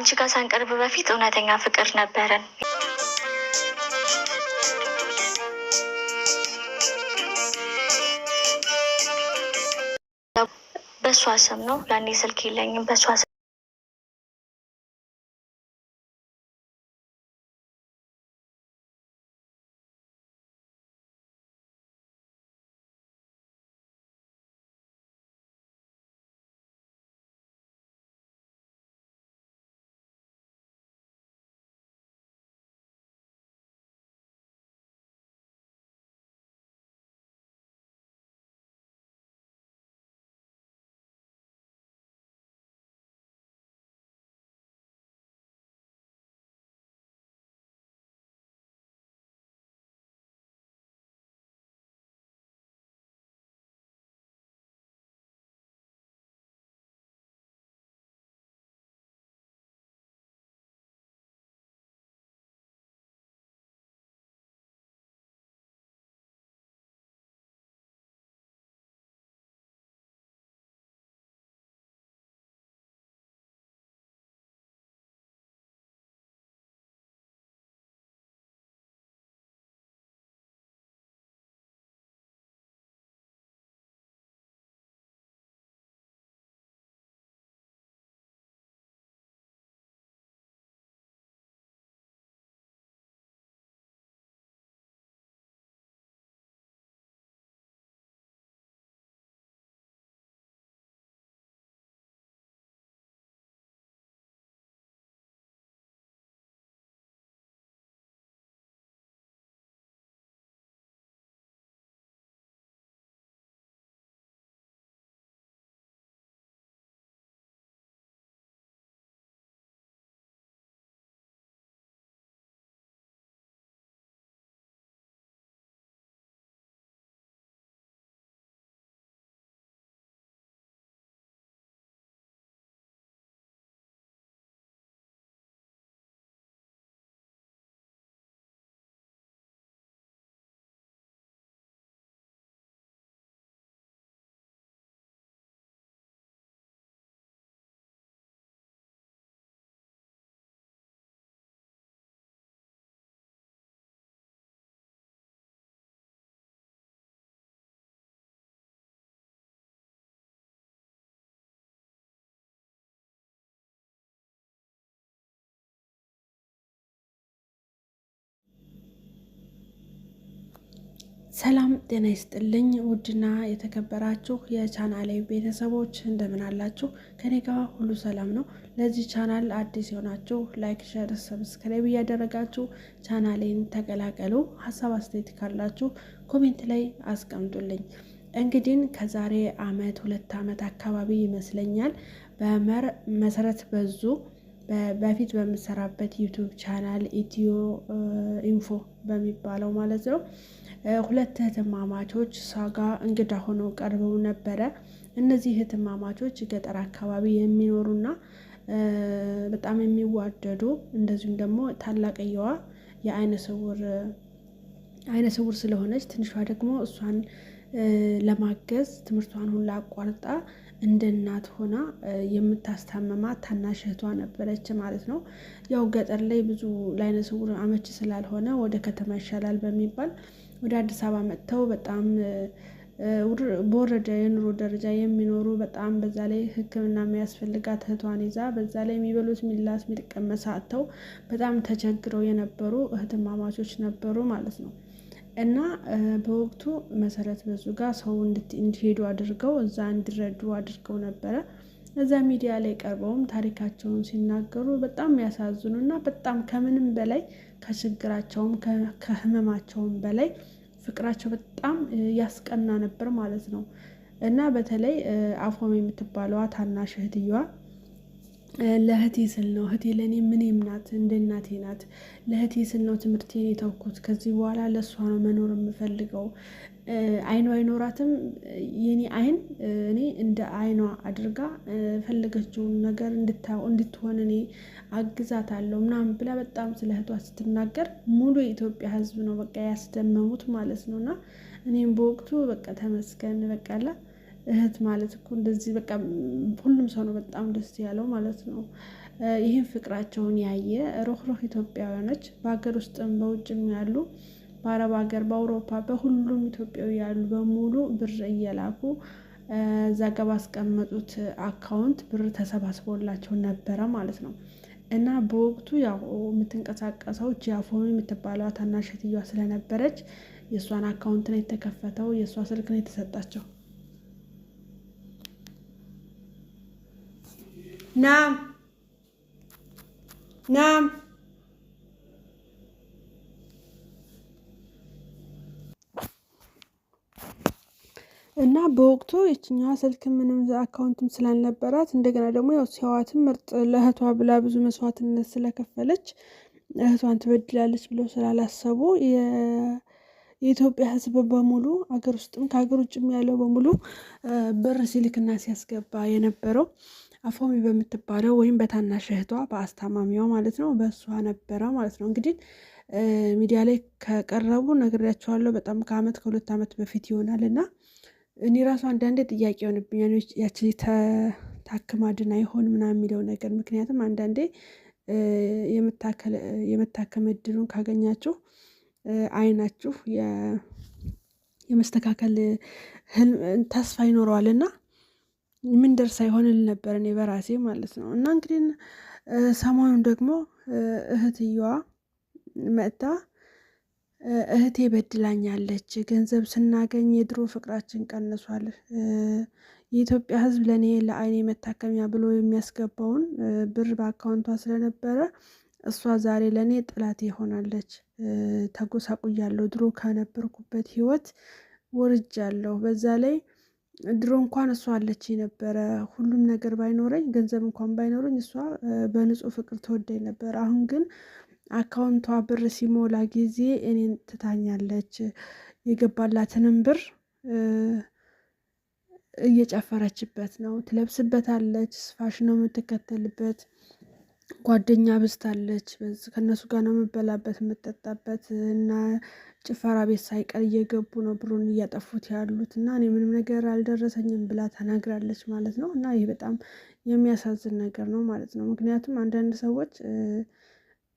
አንቺ ጋር ሳንቀርብ በፊት እውነተኛ ፍቅር ነበረን። በእሷ ስም ነው ለእኔ ስልክ የለኝም በእሷ ሰላም ጤና ይስጥልኝ። ውድና የተከበራችሁ የቻናሌ ቤተሰቦች እንደምን አላችሁ? ከኔ ጋር ሁሉ ሰላም ነው። ለዚህ ቻናል አዲስ የሆናችሁ ላይክ፣ ሸር፣ ሰብስክራይብ እያደረጋችሁ ቻናሌን ተቀላቀሉ። ሀሳብ አስተያየት ካላችሁ ኮሜንት ላይ አስቀምጡልኝ። እንግዲህ ከዛሬ አመት ሁለት አመት አካባቢ ይመስለኛል በመር መሰረት በዙ በፊት በምሰራበት ዩቱብ ቻናል ኢትዮ ኢንፎ በሚባለው ማለት ነው ሁለት እህትማማቾች እሷ ጋር እንግዳ ሆነው ቀርበው ነበረ። እነዚህ እህትማማቾች ገጠር አካባቢ የሚኖሩና በጣም የሚዋደዱ እንደዚሁም ደግሞ ታላቅየዋ የአይነ ስውር አይነ ስውር ስለሆነች ትንሿ ደግሞ እሷን ለማገዝ ትምህርቷን ሁላ አቋርጣ እንደ እናት ሆና የምታስታመማት ታናሽ እህቷ ነበረች ማለት ነው። ያው ገጠር ላይ ብዙ ለአይነ ስውር አመች ስላልሆነ ወደ ከተማ ይሻላል በሚባል ወደ አዲስ አበባ መጥተው በጣም በወረደ የኑሮ ደረጃ የሚኖሩ በጣም በዛ ላይ ሕክምና የሚያስፈልጋት እህቷን ይዛ በዛ ላይ የሚበሉት ሚላስ የሚቀመስ አጥተው በጣም ተቸግረው የነበሩ እህትማማቾች ነበሩ ማለት ነው። እና በወቅቱ መሰረት በዙ ጋር ሰው እንዲሄዱ አድርገው እዛ እንዲረዱ አድርገው ነበረ። እዛ ሚዲያ ላይ ቀርበውም ታሪካቸውን ሲናገሩ በጣም ያሳዝኑ እና በጣም ከምንም በላይ ከችግራቸውም ከህመማቸውም በላይ ፍቅራቸው በጣም ያስቀና ነበር ማለት ነው። እና በተለይ አፎም የምትባለዋ ታናሽ እህትየዋ ለእህቴ ስል ነው እህቴ ለእኔ ምኔም ናት፣ እንደ እናቴ ናት። ለእህቴ ስል ነው ትምህርቴን የተውኩት። ከዚህ በኋላ ለእሷ ነው መኖር የምፈልገው አይኗ አይኖራትም። የኔ አይን እኔ እንደ አይኗ አድርጋ ፈለገችውን ነገር እንድትሆን እኔ አለው ምናምን ብላ በጣም ስለ እህቷ ስትናገር ሙሉ የኢትዮጵያ ሕዝብ ነው በቃ ያስደመሙት ማለት ነው። እና እኔም በወቅቱ በቃ ተመስገን በቃላ እህት ማለት እኮ እንደዚህ በቃ ሁሉም ሰው ነው በጣም ደስ ያለው ማለት ነው። ይህን ፍቅራቸውን ያየ ሮህሮህ ኢትዮጵያውያኖች በሀገር ውስጥም በውጭም ያሉ በአረብ ሀገር፣ በአውሮፓ በሁሉም ኢትዮጵያዊ ያሉ በሙሉ ብር እየላኩ እዛ አስቀመጡት አካውንት ብር ተሰባስቦላቸው ነበረ ማለት ነው። እና በወቅቱ ያው የምትንቀሳቀሰው ጂያፎኑ የምትባለዋ ታናሽ እህትየዋ ስለነበረች የእሷን አካውንት ነው የተከፈተው፣ የእሷ ስልክ ነው የተሰጣቸው። ናም ናም እና በወቅቱ የችኛዋ ስልክ ምንም አካውንትም ስላልነበራት እንደገና ደግሞ ያው ሲዋትም ምርጥ ለእህቷ ብላ ብዙ መስዋዕትነት ስለከፈለች እህቷን ትበድላለች ብለው ስላላሰቡ የኢትዮጵያ ሕዝብ በሙሉ አገር ውስጥም ከሀገር ውጭም ያለው በሙሉ ብር ሲልክና ሲያስገባ የነበረው አፎሚ በምትባለው ወይም በታናሽ እህቷ በአስታማሚዋ ማለት ነው በእሷ ነበረ ማለት ነው እንግዲህ ሚዲያ ላይ ከቀረቡ ነግሬያቸዋለሁ። በጣም ከአመት ከሁለት አመት በፊት ይሆናል እና እኔ ራሱ አንዳንዴ ጥያቄ የሆንብኛል ያች ተታክማድን አይሆን ምናምን የሚለው ነገር። ምክንያቱም አንዳንዴ የመታከም እድሉን ካገኛችሁ አይናችሁ የመስተካከል ተስፋ ይኖረዋል እና ምን ደርሳ ነበር እኔ በራሴ ማለት ነው። እና እንግዲህ ሰሞኑን ደግሞ እህትየዋ መጥታ እህቴ በድላኛለች፣ ገንዘብ ስናገኝ የድሮ ፍቅራችን ቀንሷል። የኢትዮጵያ ሕዝብ ለእኔ ለአይኔ መታከሚያ ብሎ የሚያስገባውን ብር በአካውንቷ ስለነበረ እሷ ዛሬ ለእኔ ጠላት ሆናለች። ተጎሳቁያለሁ። ድሮ ከነበርኩበት ወርጅ ወርጃለሁ። በዛ ላይ ድሮ እንኳን እሷ አለች ነበረ። ሁሉም ነገር ባይኖረኝ ገንዘብ እንኳን ባይኖረኝ እሷ በንጹህ ፍቅር ተወዳኝ ነበር። አሁን ግን አካውንቷ ብር ሲሞላ ጊዜ እኔን ትታኛለች። የገባላትንም ብር እየጨፈረችበት ነው። ትለብስበታለች፣ ፋሽን ነው የምትከተልበት። ጓደኛ ብዝታለች። ከእነሱ ጋር ነው የምበላበት የምጠጣበት፣ እና ጭፈራ ቤት ሳይቀር እየገቡ ነው ብሩን እያጠፉት ያሉት እና እኔ ምንም ነገር አልደረሰኝም ብላ ተናግራለች ማለት ነው። እና ይህ በጣም የሚያሳዝን ነገር ነው ማለት ነው። ምክንያቱም አንዳንድ ሰዎች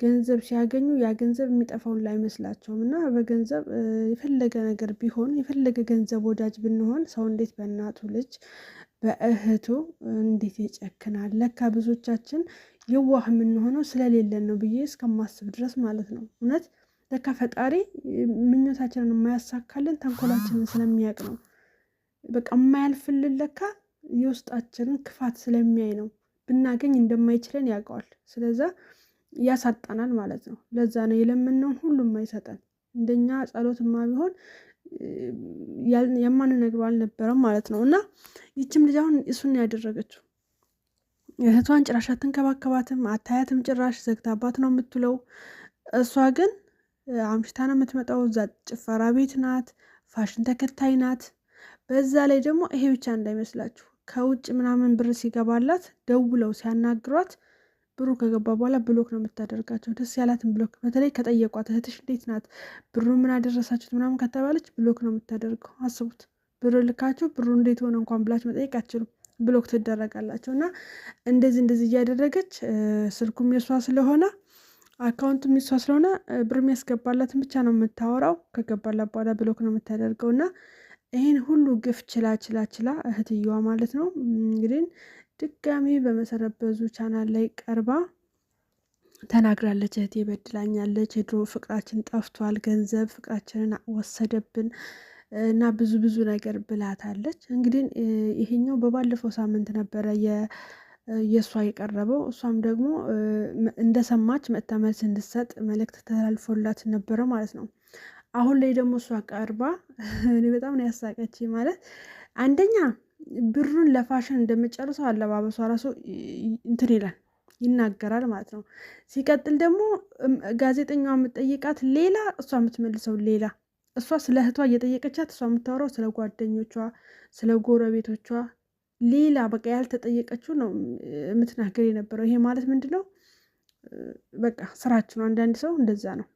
ገንዘብ ሲያገኙ ያ ገንዘብ የሚጠፋውን አይመስላቸውም እና በገንዘብ የፈለገ ነገር ቢሆን የፈለገ ገንዘብ ወዳጅ ብንሆን ሰው እንዴት በእናቱ ልጅ በእህቱ እንዴት ይጨክናል? ለካ ብዙዎቻችን የዋህ የምንሆነው ስለሌለን ነው ብዬ እስከማስብ ድረስ ማለት ነው። እውነት ለካ ፈጣሪ ምኞታችንን የማያሳካልን ተንኮላችንን ስለሚያውቅ ነው። በቃ የማያልፍልን ለካ የውስጣችንን ክፋት ስለሚያይ ነው። ብናገኝ እንደማይችለን ያውቀዋል። ስለዛ ያሳጣናል ማለት ነው። ለዛ ነው የለመነውን ሁሉም አይሰጠን። እንደኛ ጸሎትማ ቢሆን የማንነግረው አልነበረም ማለት ነው። እና ይችም ልጅ አሁን እሱን ያደረገችው እህቷን ጭራሽ አትንከባከባትም፣ አታያትም፣ ጭራሽ ዘግታባት ነው የምትውለው። እሷ ግን አምሽታ ነው የምትመጣው። እዛ ጭፈራ ቤት ናት፣ ፋሽን ተከታይ ናት። በዛ ላይ ደግሞ ይሄ ብቻ እንዳይመስላችሁ ከውጭ ምናምን ብር ሲገባላት ደውለው ሲያናግሯት ብሩ ከገባ በኋላ ብሎክ ነው የምታደርጋቸው። ደስ ያላትን ብሎክ በተለይ ከጠየቋት እህትሽ እንዴት ናት፣ ብሩ ምን አደረሳችሁት ምናምን ከተባለች ብሎክ ነው የምታደርገው። አስቡት፣ ብሩ ልካችሁ ብሩ እንዴት ሆነ እንኳን ብላችሁ መጠየቅ አትችሉም። ብሎክ ትደረጋላቸው እና እንደዚህ እንደዚህ እያደረገች ስልኩም የሷ ስለሆነ አካውንቱም የሷ ስለሆነ ብር የሚያስገባላትን ብቻ ነው የምታወራው። ከገባላት በኋላ ብሎክ ነው የምታደርገው እና ይህን ሁሉ ግፍ ችላ ችላ ችላ እህትየዋ ማለት ነው እንግዲህ ድጋሜ በመሰረበዙ ቻናል ላይ ቀርባ ተናግራለች። እህቴ በድላኛለች፣ የድሮ ፍቅራችን ጠፍቷል፣ ገንዘብ ፍቅራችንን ወሰደብን እና ብዙ ብዙ ነገር ብላታለች። እንግዲህ ይሄኛው በባለፈው ሳምንት ነበረ የእሷ የቀረበው። እሷም ደግሞ እንደሰማች መጥታ መልስ እንድሰጥ መልእክት ተላልፎላት ነበረ ማለት ነው። አሁን ላይ ደግሞ እሷ ቀርባ እኔ በጣም ነው ያሳቀች ማለት አንደኛ ብሩን ለፋሽን እንደምጨርሰው አለባበሷ ራሱ እንትን ይላል ይናገራል ማለት ነው። ሲቀጥል ደግሞ ጋዜጠኛዋ የምጠይቃት ሌላ፣ እሷ የምትመልሰው ሌላ። እሷ ስለ እህቷ እየጠየቀቻት እሷ የምታወራው ስለ ጓደኞቿ፣ ስለ ጎረቤቶቿ ሌላ በቃ ያልተጠየቀችው ነው የምትናገር የነበረው። ይሄ ማለት ምንድን ነው? በቃ ስራችሁ ነው። አንዳንድ ሰው እንደዛ ነው።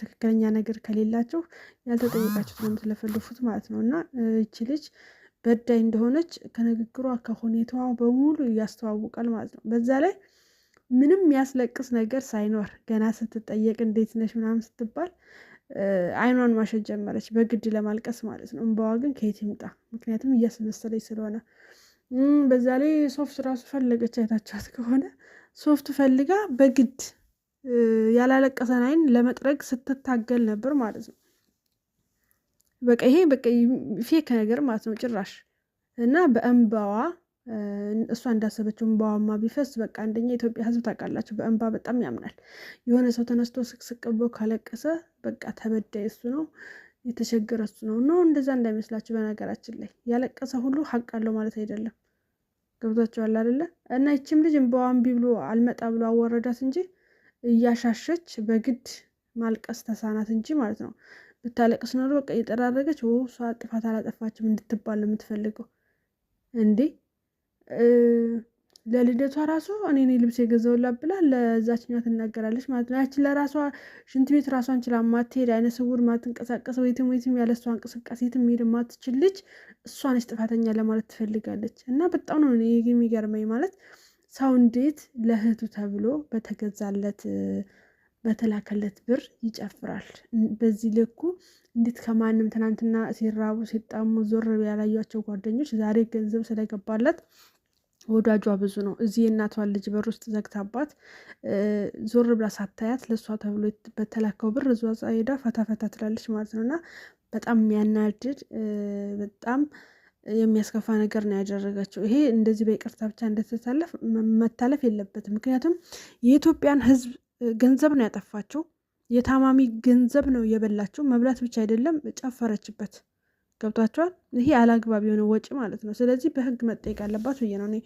ትክክለኛ ነገር ከሌላቸው ያልተጠየቃችሁት ነው የምትለፈልፉት ማለት ነው። እና ይቺ ልጅ በዳይ እንደሆነች ከንግግሯ ከሁኔታዋ በሙሉ ያስተዋውቃል ማለት ነው። በዛ ላይ ምንም የሚያስለቅስ ነገር ሳይኖር ገና ስትጠየቅ እንዴት ነሽ ምናምን ስትባል አይኗን ማሸት ጀመረች፣ በግድ ለማልቀስ ማለት ነው። እንባዋ ግን ከየት ይምጣ? ምክንያቱም እያስመሰለች ስለሆነ። በዛ ላይ ሶፍት ራሱ ፈለገች፣ አይታችኋት ከሆነ ሶፍት ፈልጋ በግድ ያላለቀሰን አይን ለመጥረግ ስትታገል ነበር ማለት ነው። በቃ ይሄ በቃ ፌክ ነገር ማለት ነው ጭራሽ እና በእንባዋ እሷ እንዳሰበችው እንባዋማ ቢፈስ በቃ አንደኛ የኢትዮጵያ ሕዝብ ታውቃላችሁ በእንባ በጣም ያምናል። የሆነ ሰው ተነስቶ ስቅስቅ ብሎ ካለቀሰ በቃ ተበዳይ እሱ ነው፣ የተቸገረ እሱ ነው። ኖ እንደዛ እንዳይመስላችሁ። በነገራችን ላይ ያለቀሰ ሁሉ ሀቅ አለው ማለት አይደለም። ገብቷቸዋል አይደለ? እና ይችም ልጅ እንባዋ እምቢ ብሎ አልመጣ ብሎ አወረዳት እንጂ እያሻሸች በግድ ማልቀስ ተሳናት እንጂ ማለት ነው። ብታለቅ ስኖር በቃ እየጠራረገች እሷ ጥፋት አላጠፋችም እንድትባል ነው የምትፈልገው። እንዴ ለልደቷ ራሱ እኔ ኔ ልብስ የገዛውላት ብላ ለዛችኛ ትናገራለች ማለት ነው። ያችን ለራሷ ሽንት ቤት ራሷን ችላ ማትሄድ አይነ ስውር ማትንቀሳቀስ ወይትም ወይትም ያለ እሷ እንቅስቃሴ የትም ሄድ ማትችል ልጅ እሷ ነች ጥፋተኛ ለማለት ትፈልጋለች። እና በጣም ነው እኔ የሚገርመኝ ማለት ሰው እንዴት ለእህቱ ተብሎ በተገዛለት በተላከለት ብር ይጨፍራል። በዚህ ልኩ እንዴት ከማንም ትናንትና ሲራቡ ሲጣሙ ዞር ያላያቸው ጓደኞች ዛሬ ገንዘብ ስለገባላት ወዳጇ ብዙ ነው። እዚህ የእናቷን ልጅ በር ውስጥ ዘግታባት ዞር ብላ ሳታያት ለእሷ ተብሎ በተላከው ብር እዛ ሄዳ ፈታ ፈታ ትላለች ማለት ነው። እና በጣም የሚያናድድ በጣም የሚያስከፋ ነገር ነው ያደረገችው። ይሄ እንደዚህ በይቅርታ ብቻ እንደተሳለፍ መታለፍ የለበትም። ምክንያቱም የኢትዮጵያን ሕዝብ ገንዘብ ነው ያጠፋችው። የታማሚ ገንዘብ ነው የበላችው። መብላት ብቻ አይደለም ጨፈረችበት። ገብቷቸዋል። ይሄ አላግባብ የሆነ ወጪ ማለት ነው። ስለዚህ በህግ መጠየቅ አለባት ብዬ ነው እኔ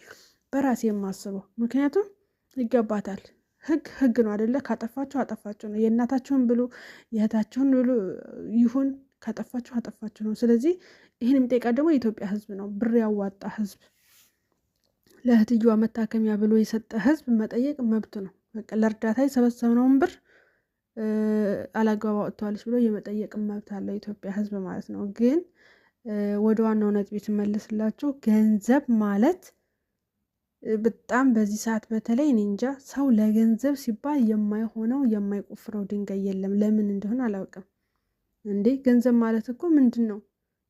በራሴ የማስበው። ምክንያቱም ይገባታል። ህግ ህግ ነው አደለ? ካጠፋችሁ አጠፋችሁ ነው። የእናታችሁን ብሉ፣ የእህታችሁን ብሉ ይሁን። ካጠፋችሁ አጠፋችሁ ነው። ስለዚህ ይህን የሚጠይቃት ደግሞ የኢትዮጵያ ህዝብ ነው። ብር ያዋጣ ህዝብ፣ ለእህትየዋ መታከሚያ ብሎ የሰጠ ህዝብ መጠየቅ መብት ነው። በቃ ለእርዳታ የሰበሰብነውን ብር አላግባብ አወጥተዋለች ብሎ የመጠየቅም መብት አለው የኢትዮጵያ ሕዝብ ማለት ነው። ግን ወደ ዋናው ነጥብ ስመለስላችሁ ገንዘብ ማለት በጣም በዚህ ሰዓት በተለይ እኔ እንጃ ሰው ለገንዘብ ሲባል የማይሆነው የማይቆፍረው ድንጋይ የለም። ለምን እንደሆነ አላውቅም። እንዴ ገንዘብ ማለት እኮ ምንድን ነው?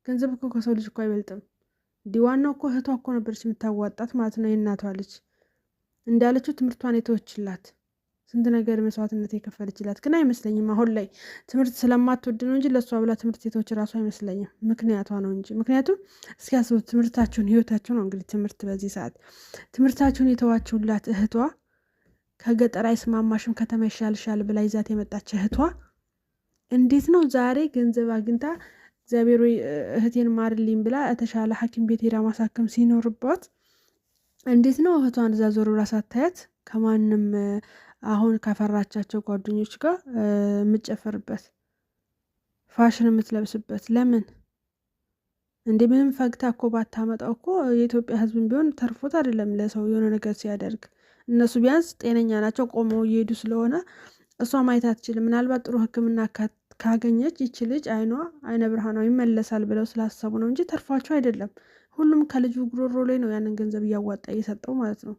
ገንዘብ እኮ ከሰው ልጅ እኮ አይበልጥም። እንዲህ ዋናው እኮ እህቷ እኮ ነበረች የምታዋጣት ማለት ነው የእናቷ ልጅ እንዳለችው ትምህርቷን የተወችላት ስንት ነገር መስዋዕትነት የከፈለችላት ግን አይመስለኝም። አሁን ላይ ትምህርት ስለማትወድ ነው እንጂ ለእሷ ብላ ትምህርት የተወች ራሱ አይመስለኝም። ምክንያቷ ነው እንጂ ምክንያቱም እስኪያስቡት ትምህርታቸውን ህይወታቸው ነው እንግዲህ ትምህርት በዚህ ሰዓት ትምህርታቸውን የተዋችሁላት እህቷ ከገጠር አይስማማሽም ከተማ ይሻልሻል ብላ ይዛት የመጣች እህቷ እንዴት ነው ዛሬ ገንዘብ አግኝታ እግዚአብሔር እህቴን ማርልኝ ብላ የተሻለ ሐኪም ቤት ሄዳ ማሳከም ሲኖርባት እንዴት ነው እህቷን እዛ ዞር ብላ ሳታያት ከማንም አሁን ካፈራቻቸው ጓደኞች ጋር የምትጨፍርበት ፋሽን የምትለብስበት ለምን እንዴ? ምንም ፈግታ እኮ ባታመጣው እኮ የኢትዮጵያ ሕዝብን ቢሆን ተርፎት አይደለም ለሰው የሆነ ነገር ሲያደርግ። እነሱ ቢያንስ ጤነኛ ናቸው፣ ቆመው እየሄዱ ስለሆነ እሷ ማየት አትችልም። ምናልባት ጥሩ ሕክምና ካገኘች ይቺ ልጅ አይኗ አይነ ብርሃኗ ይመለሳል ብለው ስላሰቡ ነው እንጂ ተርፏቸው አይደለም። ሁሉም ከልጁ ጉሮሮ ላይ ነው ያንን ገንዘብ እያዋጣ እየሰጠው ማለት ነው።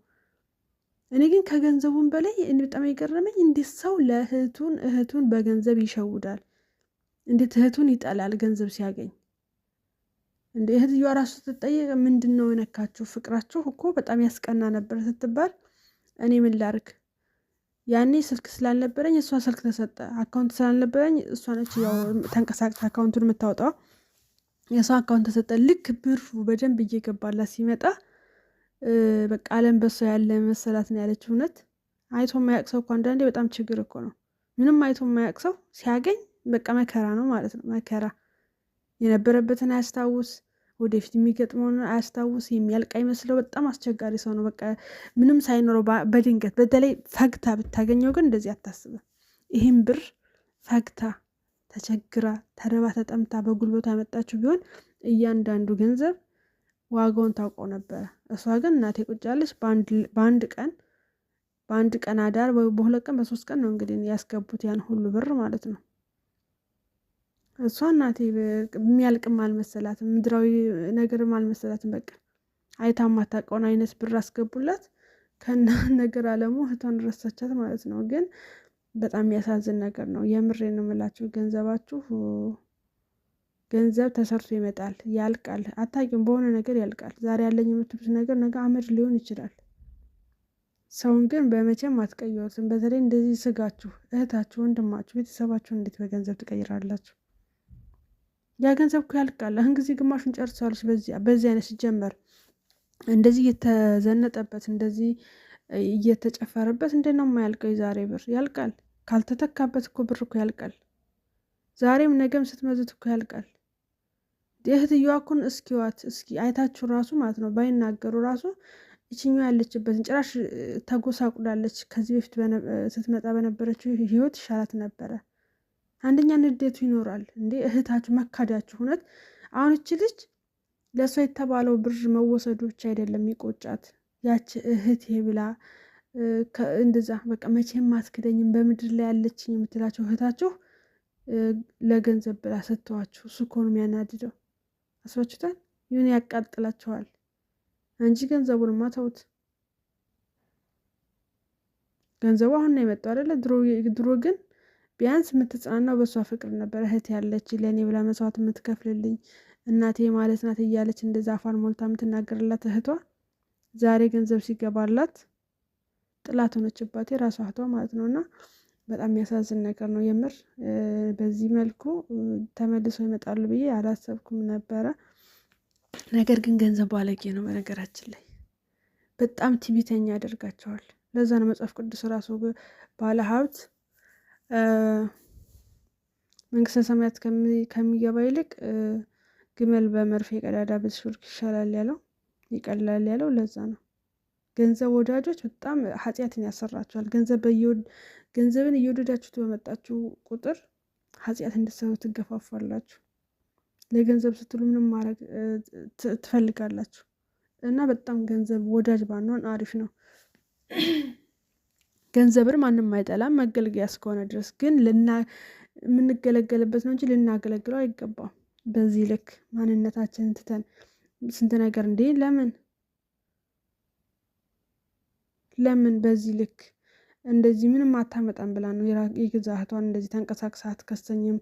እኔ ግን ከገንዘቡም በላይ በጣም የገረመኝ እንዴት ሰው ለእህቱን እህቱን በገንዘብ ይሸውዳል? እንዴት እህቱን ይጠላል ገንዘብ ሲያገኝ? እንደ እህትየዋ ራሱ ስትጠየቅ ምንድን ነው የነካችሁ? ፍቅራችሁ እኮ በጣም ያስቀና ነበር ስትባል እኔ ምን ላርግ ያኔ ስልክ ስላልነበረኝ እሷ ስልክ ተሰጠ፣ አካውንት ስላልነበረኝ እሷ ነች ያው ተንቀሳቅስ አካውንቱን የምታወጣው የሰው አካውንት ተሰጠ። ልክ ብሩ በደንብ እየገባላት ሲመጣ በቃ አለም በሰው ያለ መሰላት ነው ያለች። እውነት አይቶ የማያውቅ ሰው እኮ አንዳንዴ በጣም ችግር እኮ ነው። ምንም አይቶ የማያውቅ ሰው ሲያገኝ በቃ መከራ ነው ማለት ነው። መከራ የነበረበትን አያስታውስ፣ ወደፊት የሚገጥመውን አያስታውስ፣ የሚያልቅ አይመስለው። በጣም አስቸጋሪ ሰው ነው። በቃ ምንም ሳይኖረው በድንገት በተለይ ፈግታ ብታገኘው ግን እንደዚህ አታስበ ይህም ብር ፈግታ ተቸግራ ተርባ ተጠምታ በጉልበቷ ያመጣችው ቢሆን እያንዳንዱ ገንዘብ ዋጋውን ታውቀው ነበረ። እሷ ግን እናቴ ቁጫለች በአንድ ቀን በአንድ ቀን አዳር በሁለት ቀን በሶስት ቀን ነው እንግዲህ ያስገቡት ያን ሁሉ ብር ማለት ነው። እሷ እናቴ የሚያልቅም አልመሰላትም፣ ምድራዊ ነገርም አልመሰላትም። በቃ አይታ ማታውቀውን አይነት ብር አስገቡላት። ከና ነገር አለሙ እህቷን ረሳቻት ማለት ነው ግን በጣም የሚያሳዝን ነገር ነው። የምሬ ነው የምላችሁ። ገንዘባችሁ ገንዘብ ተሰርቶ ይመጣል፣ ያልቃል። አታውቂም፣ በሆነ ነገር ያልቃል። ዛሬ ያለኝ የምትሉት ነገር ነገ አመድ ሊሆን ይችላል። ሰውን ግን በመቼም አትቀይሩትም። በተለይ እንደዚህ ስጋችሁ፣ እህታችሁ፣ ወንድማችሁ፣ ቤተሰባችሁን እንዴት በገንዘብ ትቀይራላችሁ? ያ ገንዘብ እኮ ያልቃል። አሁን ጊዜ ግማሹን ጨርሳለች። በዚህ አይነት ሲጀመር እንደዚህ የተዘነጠበት እንደዚህ እየተጨፈረበት እንዴት ነው የማያልቀው? የዛሬ ብር ያልቃል። ካልተተካበት እኮ ብር እኮ ያልቃል። ዛሬም ነገም ስትመዝት እኮ ያልቃል። የእህትየዋ እኮን እስኪዋት እስኪ አይታችሁ ራሱ ማለት ነው ባይናገሩ ራሱ ይችኛዋ ያለችበትን ጭራሽ ተጎሳቁላለች። ከዚህ በፊት ስትመጣ በነበረችው ህይወት ይሻላት ነበረ። አንደኛ ንዴቱ ይኖራል እንዴ እህታችሁ መካዳችሁ። እውነት አሁን እች ልጅ ለእሷ የተባለው ብር መወሰዱ ብቻ አይደለም ይቆጫት ያች እህቴ ብላ እንደዛ በቃ መቼም አትክደኝም በምድር ላይ ያለችኝ የምትላቸው እህታችሁ ለገንዘብ ብላ ሰጥተዋችሁ። እሱ እኮ ነው የሚያናድደው። አስባችሁታል? ይሁን ያቃጥላቸዋል እንጂ ገንዘቡንማ ተውት። ገንዘቡ አሁን ነው የመጣው አይደለ? ድሮ ግን ቢያንስ የምትጽናናው በእሷ ፍቅር ነበር። እህት ያለች ለእኔ ብላ መስዋዕት የምትከፍልልኝ እናቴ ማለት ናት እያለች እንደዛ አፏን ሞልታ የምትናገርላት እህቷ ዛሬ ገንዘብ ሲገባላት ጥላት ሆነችባት፣ የራሷ እህቷ ማለት ነው። እና በጣም የሚያሳዝን ነገር ነው የምር። በዚህ መልኩ ተመልሰው ይመጣሉ ብዬ አላሰብኩም ነበረ። ነገር ግን ገንዘብ ባለጌ ነው። በነገራችን ላይ በጣም ትዕቢተኛ ያደርጋቸዋል። ለዛ ነው መጽሐፍ ቅዱስ ራሱ ባለ ሀብት መንግስተ ሰማያት ከሚገባ ይልቅ ግመል በመርፌ ቀዳዳ ብትሾልክ ይሻላል ያለው። ይቀላል ያለው ለዛ ነው። ገንዘብ ወዳጆች በጣም ኃጢአትን ያሰራቸዋል። ገንዘብን እየወደዳችሁት በመጣችሁ ቁጥር ኃጢአት እንድትሰሩ ትገፋፋላችሁ። ለገንዘብ ስትሉ ምንም ማድረግ ትፈልጋላችሁ እና በጣም ገንዘብ ወዳጅ ባንሆን አሪፍ ነው። ገንዘብን ማንም አይጠላም መገልገያ እስከሆነ ድረስ ግን የምንገለገልበት ነው እንጂ ልናገለግለው አይገባም። በዚህ ልክ ማንነታችንን ትተን ስንት ነገር እንዴ! ለምን ለምን በዚህ ልክ እንደዚህ ምንም አታመጣም ብላ ነው የገዛ እህቷን እንደዚህ ተንቀሳቅሳ አትከሰኝም፣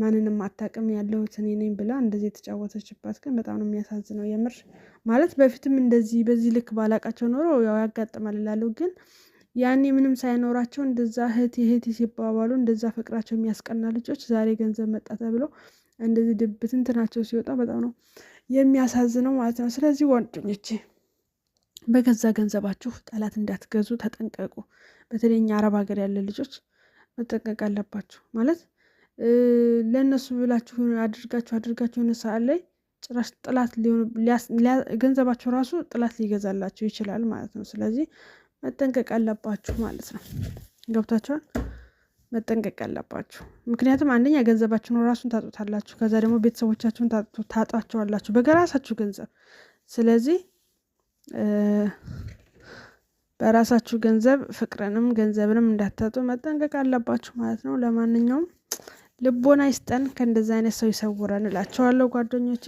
ማንንም አታውቅም፣ ያለሁት እኔ ነኝ ብላ እንደዚህ የተጫወተችባት ግን በጣም ነው የሚያሳዝነው። የምር ማለት በፊትም እንደዚህ በዚህ ልክ ባላቃቸው ኖሮ ያው ያጋጥማል እላለሁ ግን ያኔ ምንም ሳይኖራቸው እንደዛ እህቴ እህቴ ሲባባሉ እንደዛ ፍቅራቸው የሚያስቀና ልጆች ዛሬ ገንዘብ መጣ ተብሎ እንደዚህ ድብትንትናቸው ሲወጣ በጣም ነው የሚያሳዝነው ማለት ነው። ስለዚህ ወንድኞቼ በገዛ ገንዘባችሁ ጠላት እንዳትገዙ ተጠንቀቁ። በተለይ እኛ አረብ ሀገር ያለ ልጆች መጠንቀቅ አለባችሁ ማለት ለእነሱ ብላችሁ አድርጋችሁ አድርጋችሁ የሆነ ሰዓት ላይ ጭራሽ ጥላት ገንዘባችሁ ራሱ ጥላት ሊገዛላችሁ ይችላል ማለት ነው። ስለዚህ መጠንቀቅ አለባችሁ ማለት ነው። ገብታችኋል? መጠንቀቅ ያለባችሁ። ምክንያቱም አንደኛ ገንዘባችሁን ራሱን ታጡታላችሁ፣ ከዛ ደግሞ ቤተሰቦቻችሁን ታጧቸዋላችሁ በራሳችሁ ገንዘብ። ስለዚህ በራሳችሁ ገንዘብ ፍቅርንም ገንዘብንም እንዳታጡ መጠንቀቅ አለባችሁ ማለት ነው። ለማንኛውም ልቦና ይስጠን፣ ከእንደዚህ አይነት ሰው ይሰውረን እላቸዋለሁ ጓደኞቼ።